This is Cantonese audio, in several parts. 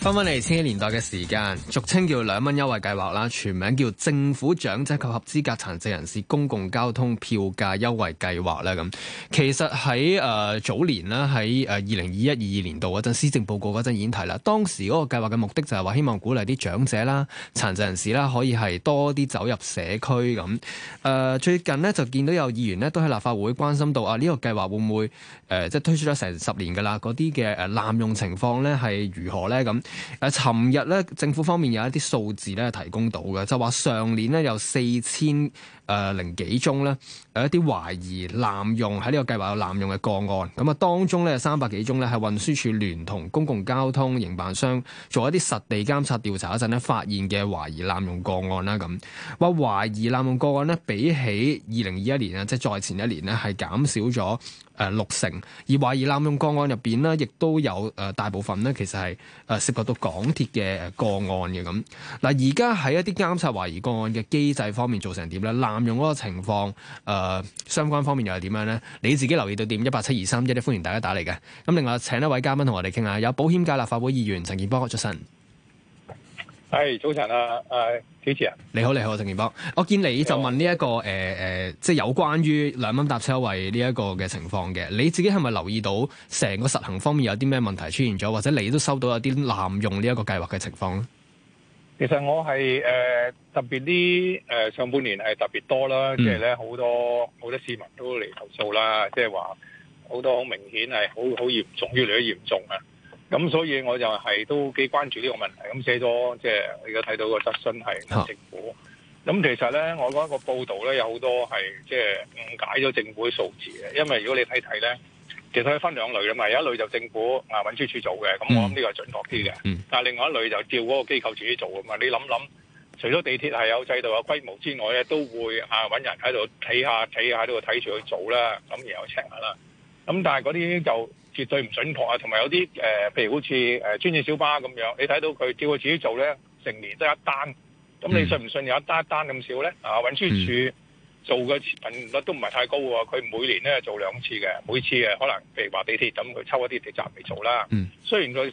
翻翻嚟千禧年代嘅時間，俗稱叫兩蚊優惠計劃啦，全名叫政府長者及合資格殘疾人士公共交通票價優惠計劃啦。咁其實喺誒、呃、早年啦，喺誒二零二一、二二年度嗰陣施政報告嗰陣已經提啦。當時嗰個計劃嘅目的就係話，希望鼓勵啲長者啦、殘疾人士啦，可以係多啲走入社區咁。誒、呃，最近呢，就見到有議員呢都喺立法會關心到啊，呢、這個計劃會唔會誒、呃、即係推出咗成十年噶啦？嗰啲嘅誒濫用情況咧係如何咧咁？誒，尋日咧，政府方面有一啲數字咧，提供到嘅，就話上年咧有四千誒、呃、零幾宗呢，有一啲懷疑濫用喺呢個計劃有濫用嘅個案，咁啊當中呢，三百幾宗呢，係運輸署聯同公共交通營辦商做一啲實地監察調查嗰陣呢，發現嘅懷疑濫用個案啦，咁話懷疑濫用個案呢，比起二零二一年啊，即係再前一年呢，係減少咗六成，而懷疑濫用個案入邊呢，亦都有、呃、大部分呢，其實係、呃、涉及到港鐵嘅誒個案嘅咁。嗱而家喺一啲監察懷疑個案嘅機制方面做成點呢？濫用嗰個情況，誒、呃，相關方面又係點樣咧？你自己留意到點？一八七二三一，歡迎大家打嚟嘅。咁另外，請一位嘉賓同我哋傾下，有保險界立法會議員陳健波出聲。係，早晨啊，誒主持人，你好，你好，陳健波。我見你就問呢、這、一個誒誒、呃，即係有關於兩蚊搭車位呢一個嘅情況嘅，你自己係咪留意到成個實行方面有啲咩問題出現咗，或者你都收到有啲濫用呢一個計劃嘅情況其實我係誒、呃、特別啲誒上半年係特別多啦，即係咧，好多好多市民都嚟投訴啦，即係話好多好明顯係好好嚴重，越嚟越嚴重啊！咁所以我就係都幾關注呢個問題，咁寫咗即係而家睇到個質詢係政府。咁其實咧，我覺得個報道咧有好多係即係誤解咗政府嘅數字嘅，因為如果你睇睇咧。其實佢分兩類㗎嘛，有一類就政府啊運輸署做嘅，咁、嗯、我諗呢個係準確啲嘅。但係另外一類就叫嗰個機構自己做㗎嘛。你諗諗，除咗地鐵係有制度有規模之外咧，都會啊揾人喺度睇下睇下，喺度睇住佢做啦，咁然後 check 下啦。咁但係嗰啲就絕對唔準確啊。同埋有啲誒，譬、呃、如好似誒專線小巴咁樣，你睇到佢叫佢自己做咧，成年得一單，咁你信唔信有一單一單咁少咧？啊，運輸署。做嘅頻率都唔係太高喎。佢每年咧做兩次嘅，每次嘅可能譬如話地鐵咁，佢抽一啲地鐵站嚟做啦、嗯。雖然佢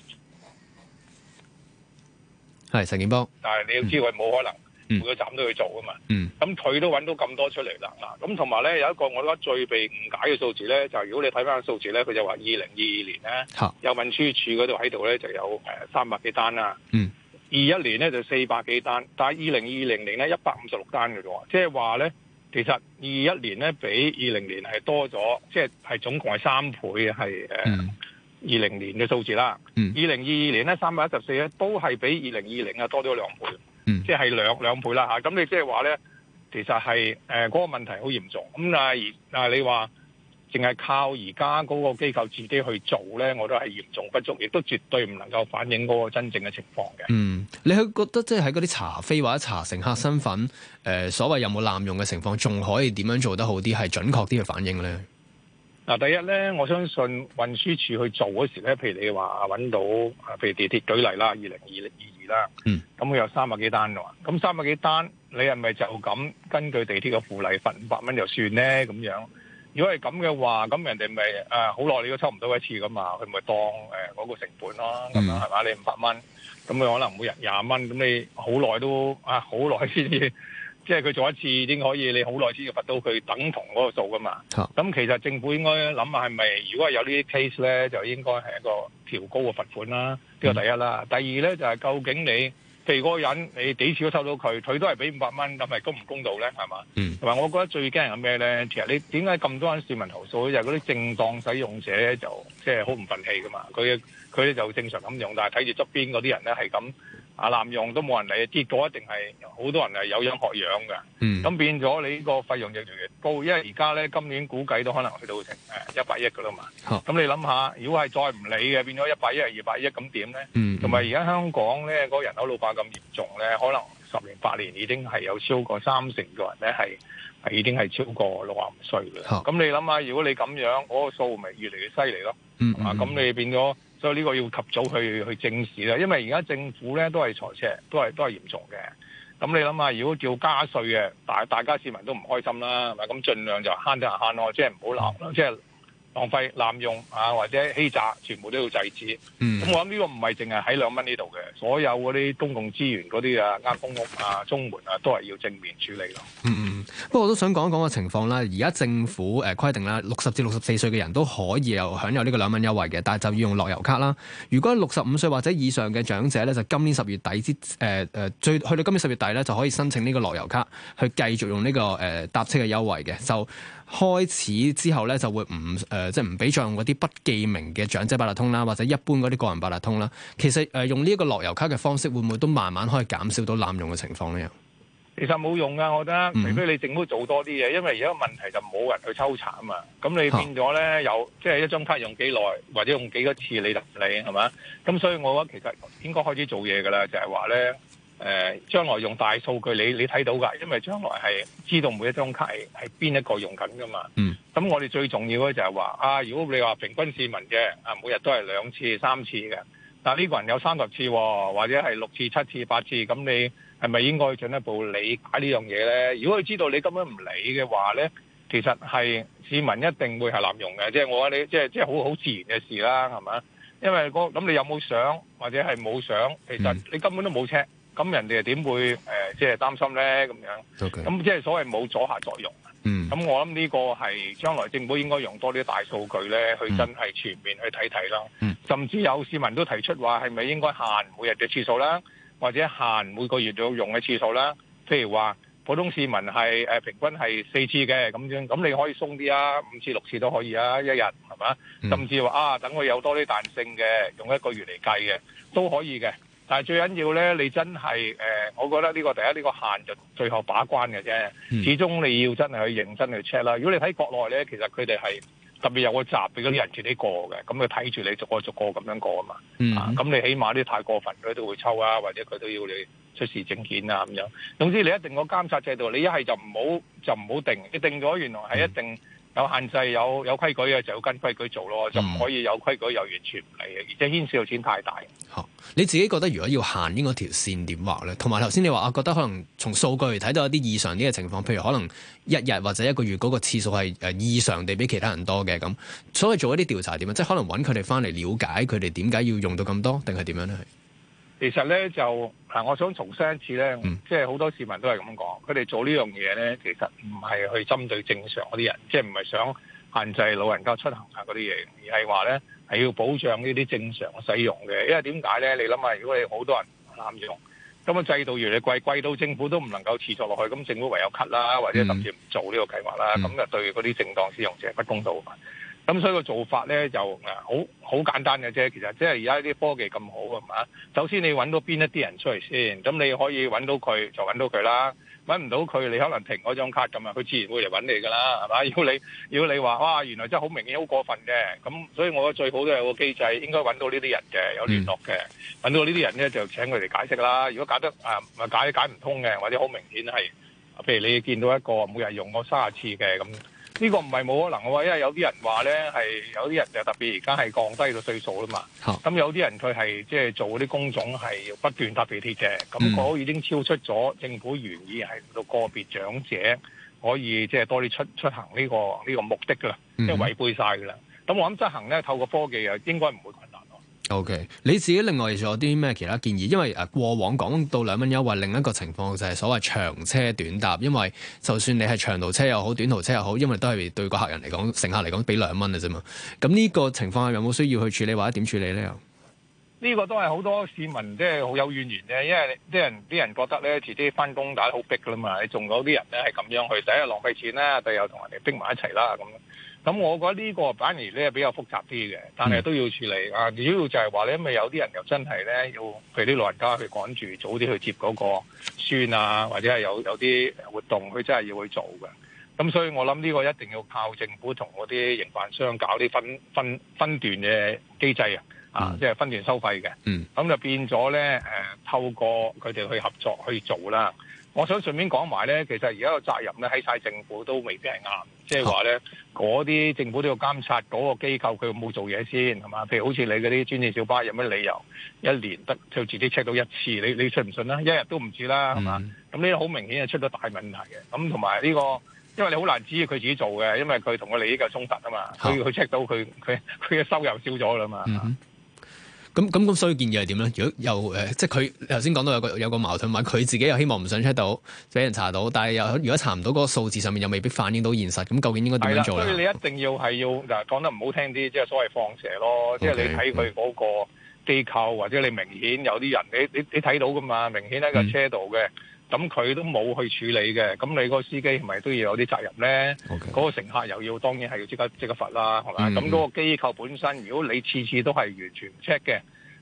係陳建邦，但係你要知佢冇可能每個站都去做噶、嗯、嘛。嗯，咁佢都揾到咁多出嚟啦。嗱，咁同埋咧有一個我覺得最被誤解嘅數字咧，就係、如果你睇翻個數字咧，佢就話二零二二年咧有運輸署嗰度喺度咧就有誒三百幾單啦。嗯，二一年咧就四百幾單，但係二零二零年咧一百五十六單嘅啫喎，即係話咧。其實二一年咧比二零年係多咗，即係係總共係三倍係誒二零年嘅數字啦。二零二二年咧三百一十四咧都係比二零二零啊多咗兩倍，嗯、即係兩兩倍啦吓。咁你即係話咧，其實係誒嗰個問題好嚴重。咁但係，而啊你話。淨係靠而家嗰個機構自己去做咧，我都係嚴重不足，亦都絕對唔能夠反映嗰個真正嘅情況嘅。嗯，你係覺得即係喺嗰啲查飛或者查乘客身份，誒、嗯呃、所謂有冇濫用嘅情況，仲可以點樣做得好啲，係準確啲嘅反映咧？嗱，第一咧，我相信運輸署去做嗰時咧，譬如你話揾到，譬如地鐵舉例啦，二零二二啦，嗯，咁佢有三百幾單㗎，咁三百幾單，你係咪就咁根據地鐵嘅附例罰五百蚊就算咧？咁樣？如果係咁嘅話，咁人哋咪啊好耐你都抽唔到一次噶嘛，佢咪當誒嗰、呃嗰個成本咯，咁樣係嘛？你五百蚊，咁佢可能每日廿蚊，咁你好耐都啊好耐先至，即係佢做一次已經可以，你好耐先至罰到佢等同嗰個數噶嘛。咁、嗯、其實政府應該諗下係咪，如果係有呢啲 case 呢啲 case 咧，就應該係一個調高嘅罰款啦。呢、呢個第一啦，第二咧就係、係、究竟你。譬如嗰個人，你幾次都收到佢，佢都係俾五百蚊，咁咪公唔公道咧？係嘛？嗯、同埋我覺得最驚係咩咧？其實你點解咁多人市民投訴，就係嗰啲正當使用者咧就即係好唔憤氣噶嘛。佢佢咧就正常咁用，但係睇住側邊嗰啲人咧係咁。啊！濫用都冇人理，結果一定係好多人係有樣學樣嘅。咁、嗯、變咗你呢個費用越嚟越高，因為而家咧今年估計都可能去到成誒一百億㗎啦嘛。咁、啊、你諗下，如果係再唔理嘅，變咗一百億係二百億咁點咧？同埋而家香港咧嗰個人口老化咁嚴重咧，可能十年八年已經係有超過三成嘅人咧係已經係超過六十五歲嘅。咁、啊啊嗯、你諗下，如果你咁樣嗰、嗰個數咪越嚟越犀利咯？咁、嗯啊、你變咗。所以呢個要及早去去正視啦，因為而家政府咧都係財赤，都係都係嚴重嘅。咁你諗下，如果叫加稅嘅，大大家市民都唔開心啦，咪咁盡量就慳得下慳咯，即係唔好鬧咯，即係。浪費、濫用啊，或者欺詐，全部都要制止。咁、嗯、我諗呢個唔係淨係喺兩蚊呢度嘅，所有嗰啲公共資源嗰啲啊，呃、公屋啊、綜援啊，都係要正面處理咯。嗯嗯，不過我都想講一講個情況啦。而家政府誒、呃、規定啦，六十至六十四歲嘅人都可以有享有呢個兩蚊優惠嘅，但係就要用樂悠卡啦。如果六十五歲或者以上嘅長者咧，就今年十月底之誒、呃、最去到今年十月底咧，就可以申請呢個樂悠卡去繼續用呢、這個、呃、搭車嘅優惠嘅就。開始之後咧，就會唔誒、呃，即係唔俾再用嗰啲不記名嘅長者八達通啦，或者一般嗰啲個人八達通啦。其實誒、呃、用呢一個樂悠卡嘅方式，會唔會都慢慢可以減少到濫用嘅情況咧？其實冇用㗎，我覺得，除非你政府做多啲嘢，因為而家問題就冇人去抽查啊嘛。咁你變咗咧，有即係一張卡用幾耐，或者用幾多次你，你你係嘛？咁所以我覺得其實應該開始做嘢噶啦，就係話咧。誒、呃，將來用大數據，你你睇到㗎，因為將來係知道每一張卡係係邊一個用緊㗎嘛。嗯。咁我哋最重要咧就係話啊，如果你話平均市民嘅啊，每日都係兩次、三次嘅，但係呢個人有三十次、哦，或者係六次、七次、八次，咁你係咪應該進一步理解呢樣嘢咧？如果佢知道你根本唔理嘅話咧，其實係市民一定會係濫用嘅，即係我覺得你，即係即係好好自然嘅事啦，係咪啊？因為嗰咁你有冇相？或者係冇相？其實你根本都冇 check，咁人哋又點會即係、呃即係、擔心咧咁樣咁即係所謂冇阻嚇作用。咁、嗯、我諗呢個係將來政府應該用多啲大數據咧，去真係全面去睇睇啦。甚至有市民都提出話，係咪應該限每日嘅次數啦，或者限每個月要用嘅次數啦？譬如話。普通市民係、呃、平均係四次嘅咁樣，咁你可以鬆啲啊，五次六次都可以啊，一日係嘛？甚至話啊，等佢有多啲彈性嘅，用一個月嚟計嘅都可以嘅。但係最緊要咧，你真係誒、呃，我覺得呢個第一呢、呢個限就最後把關嘅啫、嗯。始終你要真係去認真去 check 啦。如果你睇國內咧，其實佢哋係特別有個閘俾嗰啲人自己過嘅，咁佢睇住你逐個逐個咁樣過啊嘛、嗯。啊，咁你起碼啲太過分佢都會抽啊，或者佢都要你。出示證件啊，咁樣。總之你一定個監察制度，你一係就唔好就唔好定，你定咗原來係一定有限制、有有規矩嘅，就要跟規矩做咯、嗯，就唔可以有規矩又完全唔理嘅，而且牽涉嘅錢太大、哦。你自己覺得如果要限呢個條線點畫咧？同埋頭先你話，我覺得可能從數據睇到一啲異常啲嘅情況，譬如可能一日或者一個月嗰個次數係誒異常地比其他人多嘅咁。所以做一啲調查點樣，即係可能揾佢哋翻嚟了解佢哋點解要用到咁多，定係點樣咧？其實咧就。嗱，我想重申一次咧，即係好多市民都係咁講，佢哋做呢樣嘢咧，其實唔係去針對正常嗰啲人，即係唔係想限制老人家出行啊嗰啲嘢，而係話咧係要保障呢啲正常嘅使用嘅。因為點解咧？你諗下，如果你好多人濫用，咁啊制度越嚟貴貴到政府都唔能夠持續落去，咁政府唯有 cut 啦，或者甚至唔做呢個計劃啦，咁、mm-hmm. 就對嗰啲正當使用者不公道。咁所以個做法咧就誒好好簡單嘅啫，其實即係而家啲科技咁好係嘛？首先你揾到邊一啲人出嚟先，咁你可以揾到佢就揾到佢啦。揾唔到佢，你可能停嗰張卡咁啊，佢自然會嚟揾你噶啦，係嘛？如果你如果你話哇，原來真係好明顯好過分嘅，咁所以我覺得最好都有個機制，應該揾到呢啲人嘅，有聯絡嘅，揾到呢啲人咧就請佢哋解釋啦。如果解得啊咪解解唔通嘅，或者好明顯係譬如你見到一個每日用三十次嘅咁。呢、這個唔係冇可能嘅喎，因為有啲人話咧係有啲人就特別而家係降低到歲數啦嘛。咁、哦、有啲人佢係即係做啲工種係不斷搭地鐵嘅，咁嗰已經超出咗、嗯、政府原意係到個別長者可以即係、就是、多啲出出行呢、這個呢、這個目的嘅、嗯，即係違背晒嘅啦。咁我諗執行咧透過科技啊，應該唔會。O、okay. K，你自己另外仲有啲咩其他建議？因為誒過往講到兩蚊優惠，另一個情況就係、是、所謂長車短搭，因為就算你係長途車又好，短途車又好，因為都係對個客人嚟講，乘客嚟講，俾兩蚊嘅啫嘛。咁呢個情況下有冇需要去處理或者點處理咧？又、這、呢個都係好多市民即係好有怨言嘅，因為啲人啲人覺得咧，遲啲翻工打得好迫噶啦嘛，你仲有啲人咧係咁樣去，第一又浪費錢啦，第二同人哋逼埋一齊啦咁。咁我覺得呢個反而咧比較複雜啲嘅，但係都要處理啊。主要就係話咧，因為有啲人又真係咧要佢啲老人家去趕住早啲去接嗰個孫啊，或者係有有啲活動，佢真係要去做嘅。咁所以我諗呢個一定要靠政府同嗰啲營辦商搞啲分分分段嘅機制啊，啊，即係分段收費嘅。嗯。咁就變咗咧，誒，透過佢哋去合作去做啦。我想順便講埋咧，其實而家個責任咧喺晒政府都未必係啱，即係話咧嗰啲政府都要監察嗰個機構佢有冇做嘢先係嘛？譬如好似你嗰啲專業小巴有乜理由一年得就自己 check 到一次？你你出信唔信啦？一日都唔止啦嘛？咁呢好明顯係出咗大問題嘅。咁同埋呢個，因為你好難知佢自己做嘅，因為佢同個利益嘅衝突啊嘛。佢佢 check 到佢佢佢嘅收入少咗啦嘛。咁咁咁，所以建議係點咧？如果又、呃、即係佢頭先講到有個有個矛盾，話佢自己又希望唔想 check 到，俾人查到，但係又如果查唔到，嗰個數字上面又未必反映到現實，咁究竟應該點樣做咧？係啦，所以你一定要係要嗱，講得唔好聽啲，即係所謂放蛇咯，okay, 即係你睇佢嗰個機構，或者你明顯有啲人，你你你睇到噶嘛？明顯喺個車度嘅。嗯咁佢都冇去處理嘅，咁你個司機係咪都要有啲責任咧？嗰、okay. 個乘客又要當然係要即刻即刻罰啦，係嘛？咁、mm-hmm. 嗰個機構本身，如果你次次都係完全 check 嘅，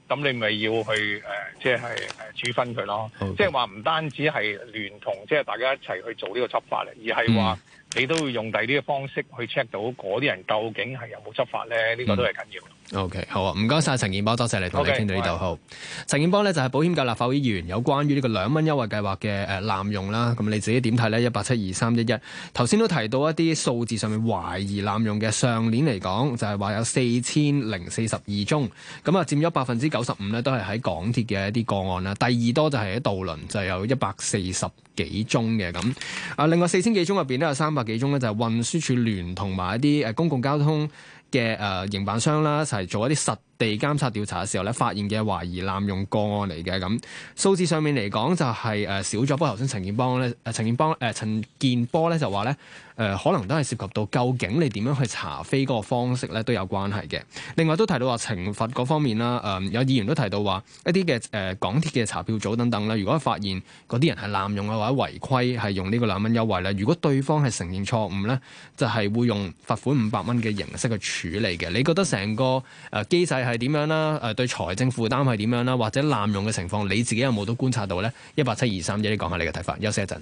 咁你咪要去誒，即係誒處分佢咯。即係話唔單止係聯同即係、就是、大家一齊去做呢個執法咧，而係話。Mm-hmm. 你都會用第啲嘅方式去 check 到嗰啲人究竟係有冇執法咧？呢個都係緊要。O、okay, K，好啊，唔該晒。陳健波，多謝你同我傾到呢度。Okay, 好，陳健波呢，就係、是、保險界立法會議員，有關於呢個兩蚊優惠計劃嘅誒濫用啦。咁你自己點睇呢？一八七二三一一，頭先都提到一啲數字上面懷疑濫用嘅。上年嚟講就係、是、話有四千零四十二宗，咁啊佔咗百分之九十五呢，都係喺港鐵嘅一啲個案啦。第二多就係喺渡輪，就是、有一百四十幾宗嘅咁。啊，另外四千幾宗入邊都有三百，幾種咧，就係運輸署聯同埋一啲誒公共交通嘅誒營辦商啦，就係、是、做一啲實地監察調查嘅時候咧，發現嘅懷疑濫用個案嚟嘅，咁數字上面嚟講就係誒少咗。不過頭先陳健邦咧，陳健邦誒陳健波咧就話咧誒，可能都係涉及到究竟你點樣去查飛嗰個方式咧都有關係嘅。另外都提到話懲罰嗰方面啦，誒、呃、有議員都提到話一啲嘅誒港鐵嘅查票組等等啦，如果發現嗰啲人係濫用嘅或者違規係用呢個兩蚊優惠咧，如果對方係承認錯誤咧，就係、是、會用罰款五百蚊嘅形式去。處理嘅，你覺得成個誒機制係點樣啦？誒對財政負擔係點樣啦？或者濫用嘅情況，你自己有冇都觀察到咧？一八七二三一，你講下你嘅睇法。休息一陣。